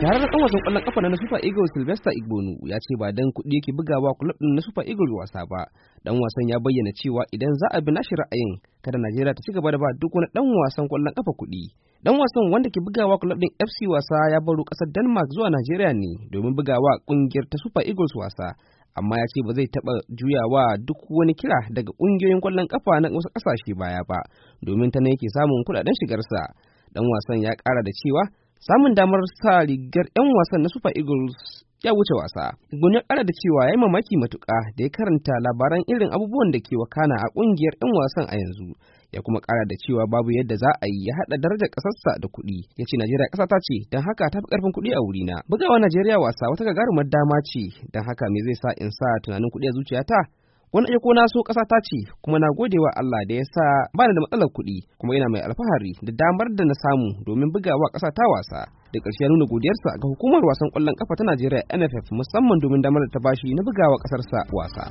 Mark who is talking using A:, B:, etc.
A: shahararren ɗan wasan ƙwallon ƙafa na Super Eagles Sylvester Igbonu ya ce ba dan kuɗi yake bugawa kulob din na Super Eagles wasa ba. Dan wasan ya bayyana cewa idan za a bi nashi ra'ayin kada Najeriya ta ci gaba da ba duk wani dan wasan ƙwallon kafa kuɗi. Dan wasan wanda ke bugawa kulob din FC wasa ya baro ƙasar Denmark zuwa Najeriya ne domin bugawa kungiyar ta Super Eagles wasa. Amma ya ce ba zai taɓa juyawa duk wani kira daga ƙungiyoyin ƙwallon kafa na wasu ƙasashe baya ba domin ta ne yake samun kuɗaɗen shigarsa. Dan wasan ya ƙara da cewa samun damar sa rigar 'yan wasan na Super Eagles ya wuce wasa. Gun ya kara da cewa ya yi mamaki matuka da ya karanta labaran irin abubuwan da ke wakana a ƙungiyar 'yan wasan a yanzu. Ya kuma kara da cewa babu yadda za a yi ya haɗa daraja kasarsa da kuɗi. Ya ce Najeriya ƙasa ta ce don haka ta fi ƙarfin kuɗi a wurina. Bugawa Najeriya wasa wata gagarumar dama ce don haka me zai sa in sa tunanin kuɗi a zuciyata? Wani iko na so ƙasa ta ce kuma na gode wa Allah da ya sa ba da matsalar kuɗi kuma ina mai alfahari da damar da na samu domin bugawa ƙasa ta wasa. Da ƙarshe ya nuna godiyarsa ga hukumar wasan ƙwallon ƙafa ta Najeriya NFF musamman domin damar da ta bashi na bugawa ƙasarsa wasa.